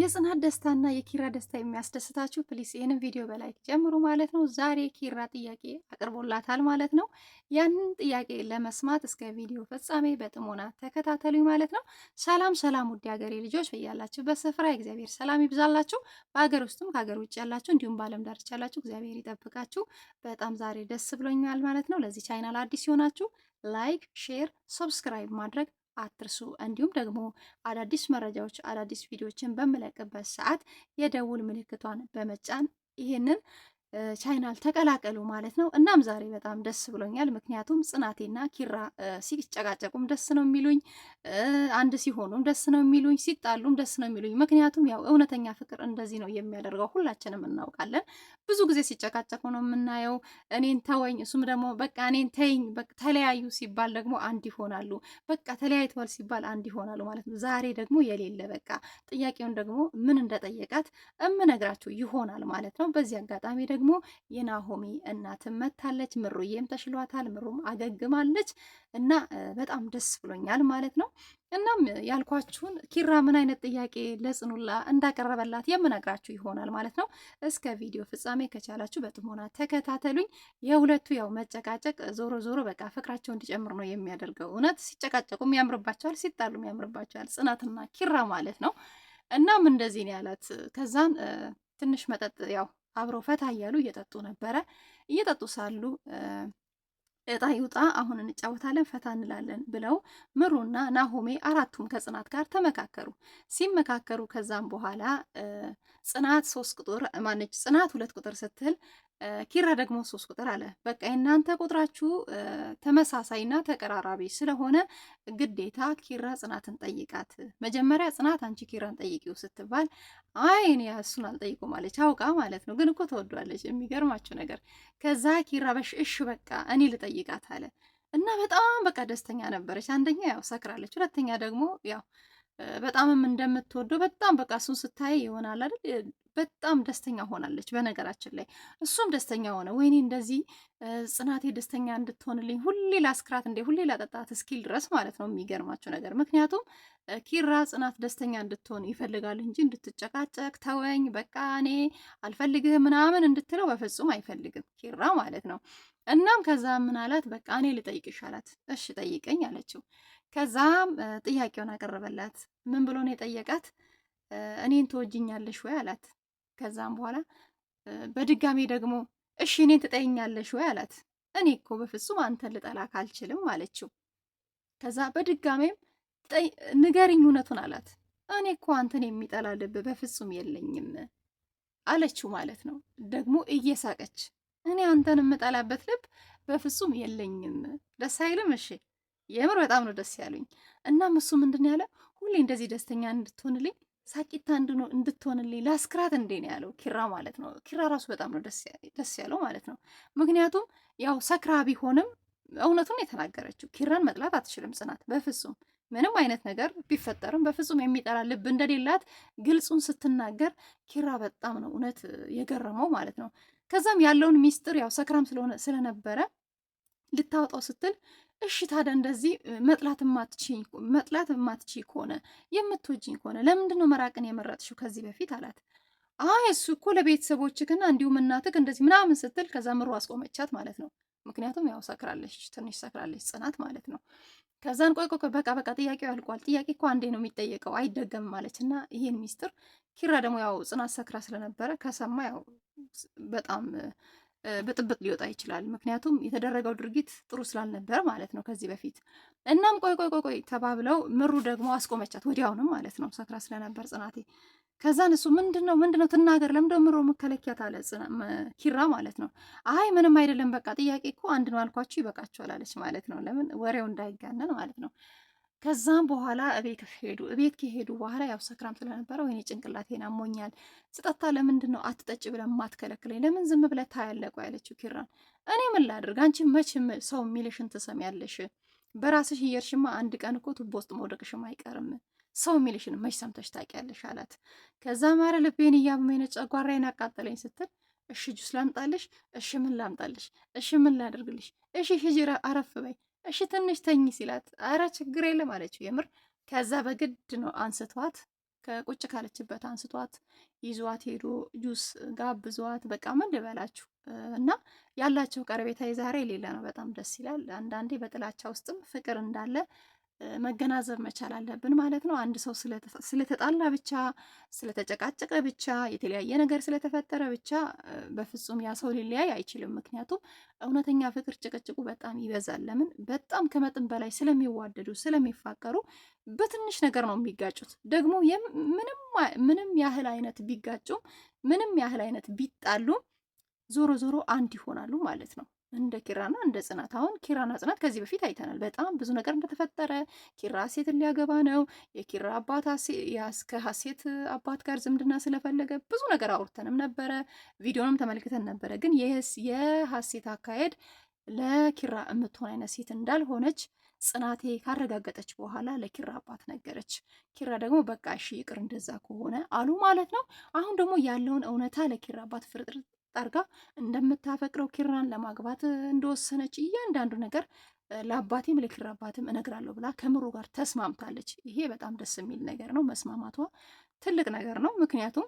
የጽናት ደስታና የኪራ ደስታ የሚያስደስታችሁ ፕሊስ ይህንን ቪዲዮ በላይክ ጀምሩ ማለት ነው። ዛሬ ኪራ ጥያቄ አቅርቦላታል ማለት ነው። ያንን ጥያቄ ለመስማት እስከ ቪዲዮ ፍጻሜ በጥሞና ተከታተሉኝ ማለት ነው። ሰላም ሰላም፣ ውድ ሀገሬ ልጆች በያላችሁ በስፍራ እግዚአብሔር ሰላም ይብዛላችሁ። በሀገር ውስጥም ከሀገር ውጭ ያላችሁ እንዲሁም በዓለም ዳርቻ ያላችሁ እግዚአብሔር ይጠብቃችሁ። በጣም ዛሬ ደስ ብሎኛል ማለት ነው። ለዚህ ቻይናል አዲስ ሲሆናችሁ ላይክ፣ ሼር፣ ሰብስክራይብ ማድረግ አትርሱ። እንዲሁም ደግሞ አዳዲስ መረጃዎች፣ አዳዲስ ቪዲዮዎችን በምለቅበት ሰዓት የደውል ምልክቷን በመጫን ይህንን ቻይናል ተቀላቀሉ ማለት ነው። እናም ዛሬ በጣም ደስ ብሎኛል፣ ምክንያቱም ጽናቴና ኪራ ሲጨቃጨቁም ደስ ነው የሚሉኝ፣ አንድ ሲሆኑም ደስ ነው የሚሉኝ፣ ሲጣሉም ደስ ነው የሚሉኝ። ምክንያቱም ያው እውነተኛ ፍቅር እንደዚህ ነው የሚያደርገው፣ ሁላችንም እናውቃለን። ብዙ ጊዜ ሲጨቃጨቁ ነው የምናየው። እኔን ተወኝ፣ እሱም ደግሞ በቃ እኔን ተይኝ፣ ተለያዩ ሲባል ደግሞ አንድ ይሆናሉ፣ በቃ ተለያይተዋል ሲባል አንድ ይሆናሉ ማለት ነው። ዛሬ ደግሞ የሌለ በቃ ጥያቄውን ደግሞ ምን እንደጠየቃት እምነግራችሁ ይሆናል ማለት ነው። በዚህ አጋጣሚ ደግሞ የናሆሚ እናትም መታለች። ምሩዬም ተሽሏታል፣ ምሩም አገግማለች እና በጣም ደስ ብሎኛል ማለት ነው። እናም ያልኳችሁን ኪራ ምን አይነት ጥያቄ ለጽኑላ እንዳቀረበላት የምነግራችሁ ይሆናል ማለት ነው። እስከ ቪዲዮ ፍጻሜ ከቻላችሁ በጥሞና ተከታተሉኝ። የሁለቱ ያው መጨቃጨቅ ዞሮ ዞሮ በቃ ፍቅራቸው እንዲጨምር ነው የሚያደርገው። እውነት ሲጨቃጨቁም ያምርባቸዋል፣ ሲጣሉም ያምርባቸዋል ጽናትና ኪራ ማለት ነው። እናም እንደዚህ ነው ያላት። ከዛን ትንሽ መጠጥ ያው አብረው ፈታ እያሉ እየጠጡ ነበረ። እየጠጡ ሳሉ እጣ ይውጣ አሁን እንጫወታለን ፈታ እንላለን ብለው ምሩና ናሆሜ አራቱም ከጽናት ጋር ተመካከሩ። ሲመካከሩ ከዛም በኋላ ጽናት ሶስት ቁጥር ማነች ጽናት ሁለት ቁጥር ስትል ኪራ ደግሞ ሶስት ቁጥር አለ። በቃ የእናንተ ቁጥራችሁ ተመሳሳይና ተቀራራቢ ስለሆነ ግዴታ ኪራ ጽናትን ጠይቃት። መጀመሪያ ጽናት አንቺ ኪራን ጠይቂው ስትባል አይ እኔ እሱን አልጠይቀውም አለች፣ አውቃ ማለት ነው። ግን እኮ ተወዷለች። የሚገርማችሁ ነገር ከዛ ኪራ በሽ እሽ በቃ እኔ ልጠይቃት አለ እና በጣም በቃ ደስተኛ ነበረች። አንደኛ ያው ሰክራለች፣ ሁለተኛ ደግሞ ያው በጣምም እንደምትወደው በጣም በቃ እሱን ስታይ ይሆናል አይደል በጣም ደስተኛ ሆናለች። በነገራችን ላይ እሱም ደስተኛ ሆነ። ወይኔ እንደዚህ ጽናቴ ደስተኛ እንድትሆንልኝ ሁሌ ላስክራት እንዴ ሁሌ ላጠጣት እስኪል ድረስ ማለት ነው። የሚገርማችሁ ነገር ምክንያቱም ኪራ ጽናት ደስተኛ እንድትሆን ይፈልጋል እንጂ እንድትጨቃጨቅ ተወኝ፣ በቃ እኔ አልፈልግህ ምናምን እንድትለው በፍጹም አይፈልግም ኪራ ማለት ነው። እናም ከዛ ምን አላት፣ በቃ እኔ ልጠይቅሽ አላት። እሺ ጠይቀኝ አለችው። ከዛም ጥያቄውን አቀረበላት። ምን ብሎ ነው የጠየቃት? እኔን ትወጂኛለሽ ወይ አላት። ከዛም በኋላ በድጋሚ ደግሞ እሺ እኔን ትጠይኛለሽ ወይ አላት። እኔ እኮ በፍጹም አንተን ልጠላክ አልችልም አለችው። ከዛ በድጋሜም ንገርኝ እውነቱን አላት። እኔ እኮ አንተን የሚጠላ ልብ በፍጹም የለኝም አለችው ማለት ነው። ደግሞ እየሳቀች እኔ አንተን የምጠላበት ልብ በፍጹም የለኝም። ደስ አይልም? እሺ የምር በጣም ነው ደስ ያሉኝ። እናም እሱ ምንድን ያለ ሁሌ እንደዚህ ደስተኛ እንድትሆንልኝ ሳቂታ እንድኖ እንድትሆንልኝ ላስክራት እንዴ ነው ያለው ኪራ ማለት ነው። ኪራ ራሱ በጣም ነው ደስ ያለው ማለት ነው። ምክንያቱም ያው ሰክራ ቢሆንም እውነቱን የተናገረችው ኪራን መጥላት አትችልም ጽናት በፍጹም ምንም አይነት ነገር ቢፈጠርም በፍጹም የሚጠላ ልብ እንደሌላት ግልጹን ስትናገር ኪራ በጣም ነው እውነት የገረመው ማለት ነው። ከዛም ያለውን ሚስጥር ያው ሰክራም ስለሆነ ስለነበረ ልታወጣው ስትል እሺ ታዲያ እንደዚህ መጥላት መጥላት የማትችይ ከሆነ የምትወጂኝ ከሆነ ለምንድን ነው መራቅን የመረጥሽው ከዚህ በፊት አላት። አይ እሱ እኮ ለቤተሰቦችክና እንዲሁም እናትክ እንደዚህ ምናምን ስትል ከዛ ምሮ አስቆመቻት ማለት ነው። ምክንያቱም ያው ሰክራለች፣ ትንሽ ሰክራለች ጽናት ማለት ነው። ከዛን ቆይ ቆይ በቃ በቃ ጥያቄው ያልቋል። ጥያቄ እኮ አንዴ ነው የሚጠየቀው አይደገምም ማለች እና ይሄን ሚስጥር ኪራ ደግሞ ያው ጽናት ሰክራ ስለነበረ ከሰማ ያው በጣም ብጥብጥ ሊወጣ ይችላል። ምክንያቱም የተደረገው ድርጊት ጥሩ ስላልነበር ማለት ነው ከዚህ በፊት እናም ቆይ ቆይ ቆይ ቆይ ተባብለው ምሩ ደግሞ አስቆመቻት ወዲያውንም ማለት ነው ሰክራ ስለነበር ጽናቴ። ከዛን እሱ ምንድን ነው ምንድን ነው ትናገር፣ ለምደ ምሮ መከለኪያት አለ ኪራ ማለት ነው። አይ ምንም አይደለም በቃ ጥያቄ እኮ አንድ ነው አልኳችሁ ይበቃችኋል አለች ማለት ነው። ለምን ወሬው እንዳይጋነን ማለት ነው። ከዛም በኋላ እቤት ሄዱ። እቤት ከሄዱ በኋላ ያው ሰክራም ስለነበረ ወይኔ ጭንቅላቴን አሞኛል፣ ስጠታ ለምንድን ነው አትጠጭ ብለን ማትከለክለኝ? ለምን ዝም ብለ ታያለህ? ያለችው ኪራን። እኔ ምን ላድርግ አንቺ መቼም ሰው የሚልሽን ትሰሚያለሽ? በራስሽ እየሄድሽማ አንድ ቀን እኮ ቱቦ ውስጥ መውደቅሽም አይቀርም። ሰው የሚልሽን መች ሰምተሽ ታውቂያለሽ? አላት። ከዛ ማረ ልቤን እያመመኝ ጨጓራዬን አቃጠለኝ ስትል እሺ ጁስ ላምጣልሽ? እሺ ምን ላምጣልሽ? እሺ ምን ላድርግልሽ? እሺ ሂጂ አረፍ በይ እሺ ትንሽ ተኝ ሲላት አረ ችግር የለም አለችው። የምር ከዛ በግድ ነው አንስቷት ከቁጭ ካለችበት አንስቷት ይዟት ሄዶ ጁስ ጋብዟት በቃ ምን ልበላችሁ እና ያላቸው ቀረቤታ የዛሬ ሌላ ነው። በጣም ደስ ይላል። አንዳንዴ በጥላቻ ውስጥም ፍቅር እንዳለ መገናዘብ መቻል አለብን ማለት ነው። አንድ ሰው ስለተጣላ ብቻ ስለተጨቃጨቀ ብቻ የተለያየ ነገር ስለተፈጠረ ብቻ በፍጹም ያ ሰው ሊለያይ አይችልም። ምክንያቱም እውነተኛ ፍቅር ጭቅጭቁ በጣም ይበዛል። ለምን? በጣም ከመጠን በላይ ስለሚዋደዱ ስለሚፋቀሩ በትንሽ ነገር ነው የሚጋጩት። ደግሞ ምንም ያህል አይነት ቢጋጩም ምንም ያህል አይነት ቢጣሉም ዞሮ ዞሮ አንድ ይሆናሉ ማለት ነው። እንደ ኪራና እንደ ጽናት አሁን ኪራና ጽናት ከዚህ በፊት አይተናል። በጣም ብዙ ነገር እንደተፈጠረ ኪራ ሴት ሊያገባ ነው። የኪራ አባት ከሀሴት አባት ጋር ዝምድና ስለፈለገ ብዙ ነገር አውርተንም ነበረ፣ ቪዲዮንም ተመልክተን ነበረ። ግን የሀሴት አካሄድ ለኪራ የምትሆን አይነት ሴት እንዳልሆነች ጽናቴ ካረጋገጠች በኋላ ለኪራ አባት ነገረች። ኪራ ደግሞ በቃ እሺ ይቅር እንደዛ ከሆነ አሉ ማለት ነው። አሁን ደግሞ ያለውን እውነታ ለኪራ አባት ፍርጥርጥ አርጋ እንደምታፈቅረው ኪራን ለማግባት እንደወሰነች እያንዳንዱ ነገር ለአባቴም ለኪራ አባትም እነግራለሁ ብላ ከምሩ ጋር ተስማምታለች። ይሄ በጣም ደስ የሚል ነገር ነው። መስማማቷ ትልቅ ነገር ነው። ምክንያቱም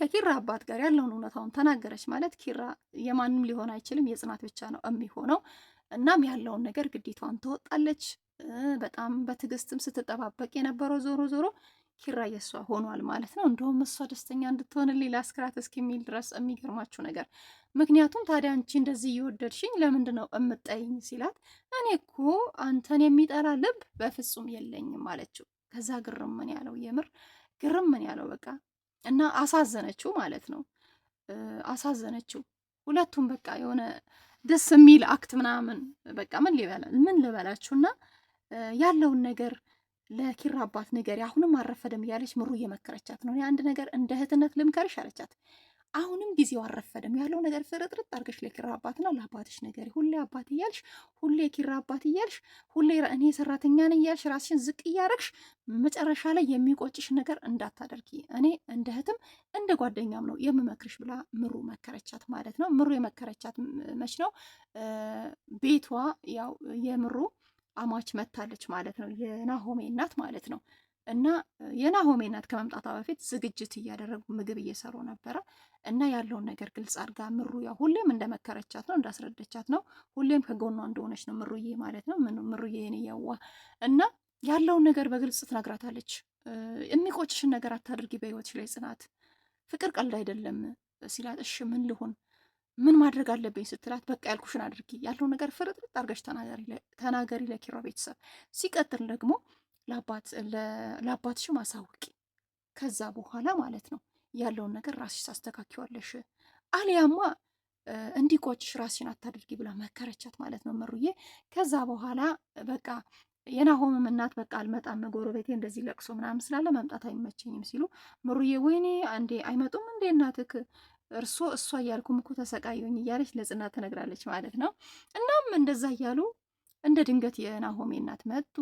ከኪራ አባት ጋር ያለውን እውነታውን ተናገረች ማለት ኪራ የማንም ሊሆን አይችልም፣ የጽናት ብቻ ነው የሚሆነው። እናም ያለውን ነገር ግዴቷን ትወጣለች። በጣም በትዕግስትም ስትጠባበቅ የነበረው ዞሮ ዞሮ ኪራ የእሷ ሆኗል ማለት ነው። እንደውም እሷ ደስተኛ እንድትሆን ሌላ አስክራት እስኪሚል ድረስ የሚገርማችሁ ነገር ምክንያቱም ታዲያ አንቺ እንደዚህ እየወደድሽኝ ለምንድን ነው እምጠይኝ ሲላት እኔ እኮ አንተን የሚጠላ ልብ በፍጹም የለኝም አለችው። ከዛ ግርም ምን ያለው የምር ግርም ምን ያለው በቃ እና አሳዘነችው ማለት ነው። አሳዘነችው ሁለቱም በቃ የሆነ ደስ የሚል አክት ምናምን በቃ ምን ልበላ ምን ልበላችሁና ያለውን ነገር ለኪራ አባት ንገሪ፣ አሁንም አረፈደም እያለች ምሩ እየመከረቻት ነው። አንድ ነገር እንደ እህትነት ልምከርሽ አለቻት። አሁንም ጊዜው አረፈደም፣ ያለው ነገር ፍርጥርጥ አድርገሽ ለኪራ አባትና ለአባትሽ ንገሪ። ሁሌ አባት እያልሽ፣ ሁሌ ኪራ አባት እያልሽ፣ ሁሌ እኔ ሰራተኛ ነኝ እያልሽ ራስሽን ዝቅ እያደረግሽ መጨረሻ ላይ የሚቆጭሽ ነገር እንዳታደርጊ፣ እኔ እንደ እህትም እንደ ጓደኛም ነው የምመክርሽ ብላ ምሩ መከረቻት ማለት ነው። ምሩ የመከረቻት መች ነው ቤቷ ያው የምሩ አማች መታለች ማለት ነው፣ የናሆሜ እናት ማለት ነው። እና የናሆሜ እናት ከመምጣቷ በፊት ዝግጅት እያደረጉ ምግብ እየሰሩ ነበረ። እና ያለውን ነገር ግልጽ አድርጋ ምሩ ያው ሁሌም እንደመከረቻት ነው እንዳስረደቻት ነው ሁሌም ከጎኗ እንደሆነች ነው ምሩዬ ማለት ነው። ምሩዬ የኔ የዋ እና ያለውን ነገር በግልጽ ትነግራታለች። የሚቆጭሽን ነገር አታድርጊ በህይወትሽ ላይ ጽናት፣ ፍቅር ቀልድ አይደለም ሲላት እሺ ምን ልሁን ምን ማድረግ አለብኝ ስትላት በቃ ያልኩሽን አድርጊ ያለው ነገር ፍርጥርጥ አድርገሽ ተናገሪ ለኪራ ቤተሰብ። ሲቀጥል ደግሞ ለአባትሽ ማሳውቂ ከዛ በኋላ ማለት ነው ያለውን ነገር ራስሽ ታስተካኪዋለሽ። አሊያማ እንዲቆጭሽ ራስሽን አታድርጊ ብላ መከረቻት ማለት ነው መሩዬ። ከዛ በኋላ በቃ የናሆምም እናት በቃ አልመጣም፣ ጎረቤቴ እንደዚህ ለቅሶ ምናምን ስላለ መምጣት አይመቸኝም ሲሉ ምሩዬ፣ ወይኔ አንዴ አይመጡም እንዴ እናትክ እርሶ እሷ እያልኩም እኮ ተሰቃየኝ እያለች ለጽናት ትነግራለች ማለት ነው። እናም እንደዛ እያሉ እንደ ድንገት የናሆሜ እናት መጡ።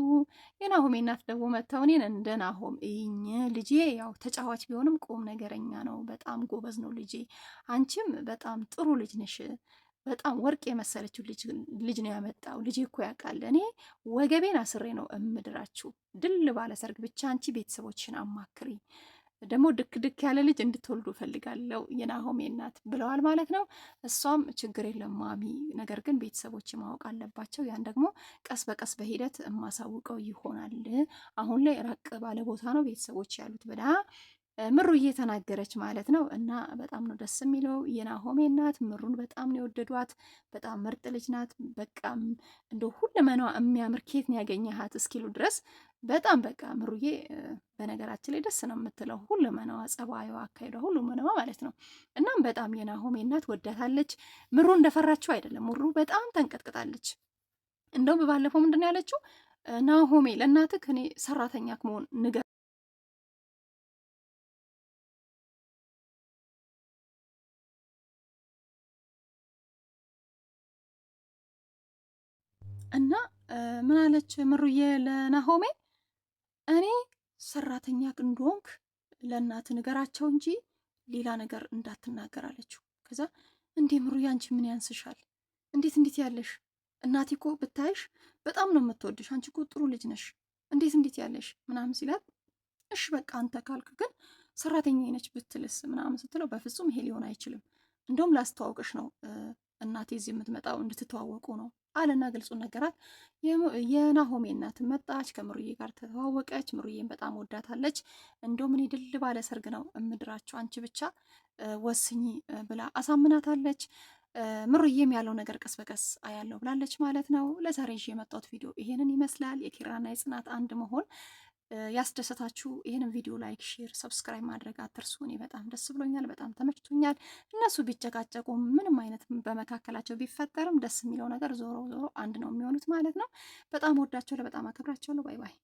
የናሆሜ እናት ደግሞ መጥተው እኔን እንደ ናሆም ልጄ፣ ያው ተጫዋች ቢሆንም ቁም ነገረኛ ነው፣ በጣም ጎበዝ ነው ልጄ። አንቺም በጣም ጥሩ ልጅ ነሽ። በጣም ወርቅ የመሰለችው ልጅ ነው ያመጣው ልጄ እኮ ያውቃል። እኔ ወገቤን አስሬ ነው እምድራችሁ። ድል ባለሰርግ ብቻ አንቺ ቤተሰቦችን አማክሪ ደግሞ ድክ ድክ ያለ ልጅ እንድትወልዱ እፈልጋለሁ የናሆሜ እናት ብለዋል ማለት ነው። እሷም ችግር የለም ማሚ፣ ነገር ግን ቤተሰቦች ማወቅ አለባቸው። ያን ደግሞ ቀስ በቀስ በሂደት የማሳውቀው ይሆናል። አሁን ላይ ራቅ ባለ ቦታ ነው ቤተሰቦች ያሉት ብላ ምሩ እየተናገረች ማለት ነው። እና በጣም ነው ደስ የሚለው የናሆሜ እናት ምሩን በጣም ነው የወደዷት። በጣም ምርጥ ልጅ ናት። በቃ እንደ ሁለመናዋ የሚያምር ኬት ነው ያገኘሃት እስኪሉ ድረስ በጣም በቃ ምሩዬ፣ በነገራችን ላይ ደስ ነው የምትለው ሁለመናዋ፣ ጸባዩዋ፣ አካሄዷ፣ ሁለመናዋ ማለት ነው። እናም በጣም የናሆሜ እናት ወዳታለች። ምሩ እንደፈራችው አይደለም። ምሩ በጣም ተንቀጥቅጣለች። እንደውም ባለፈው ምንድን ነው ያለችው ናሆሜ ለእናትህ እኔ ሰራተኛክ መሆን ንገር እና ምን አለች ምሩዬ ለናሆሜ እኔ ሰራተኛ እንደሆንክ ለእናት ንገራቸው እንጂ ሌላ ነገር እንዳትናገር አለችው። ከዛ እንዴ ምሩዬ አንቺ ምን ያንስሻል? እንዴት እንዴት ያለሽ እናቴ እኮ ብታይሽ በጣም ነው የምትወድሽ። አንቺ እኮ ጥሩ ልጅ ነሽ። እንዴት እንዴት ያለሽ ምናምን ሲላት እሽ በቃ አንተ ካልክ ግን ሰራተኛ ነች ብትልስ ምናምን ስትለው በፍጹም ይሄ ሊሆን አይችልም፣ እንደውም ላስተዋውቅሽ ነው እናቴ እዚህ የምትመጣው እንድትተዋወቁ ነው አለና ግልጹን ነገራት። የናሆሜ እናት መጣች፣ ከምሩዬ ጋር ተተዋወቀች። ምሩዬን በጣም ወዳታለች። እንደውም እኔ ድል ባለ ሰርግ ነው እምድራቸው አንቺ ብቻ ወስኚ ብላ አሳምናታለች። ምሩዬም ያለው ነገር ቀስ በቀስ አያለው ብላለች ማለት ነው። ለዛሬ ይዤ የመጣሁት ቪዲዮ ይሄንን ይመስላል። የኪራና የጽናት አንድ መሆን ያስደሰታችሁ ይህንን ቪዲዮ ላይክ፣ ሼር፣ ሰብስክራይብ ማድረግ አትርሱ። እኔ በጣም ደስ ብሎኛል፣ በጣም ተመችቶኛል። እነሱ ቢጨቃጨቁ ምንም አይነት በመካከላቸው ቢፈጠርም ደስ የሚለው ነገር ዞሮ ዞሮ አንድ ነው የሚሆኑት ማለት ነው። በጣም ወዳቸው ለበጣም በጣም ነው። ባይ ባይ